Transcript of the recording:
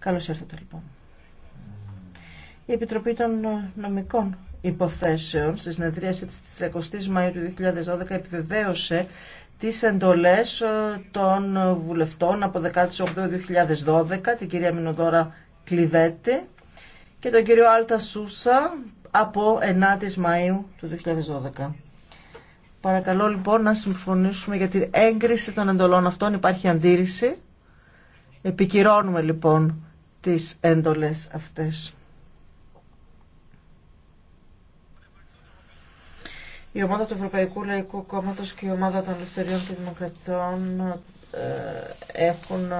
Καλώς ήρθατε λοιπόν. Η Επιτροπή των Νομικών Υποθέσεων στη συνεδρίαση της 30 Μαΐου του 2012 επιβεβαίωσε τις εντολές ε, των βουλευτών από 18-2012, την κυρία Μινοδόρα Κλειδέτη και τον κύριο Άλτα Σούσα από 9 Μαΐου του 2012. Παρακαλώ λοιπόν να συμφωνήσουμε για την έγκριση των εντολών αυτών. Υπάρχει αντίρρηση. Επικυρώνουμε λοιπόν τις έντολες αυτές. Η ομάδα του Ευρωπαϊκού Λαϊκού Κόμματος και η ομάδα των Ελευθεριών και Δημοκρατών ε, έχουν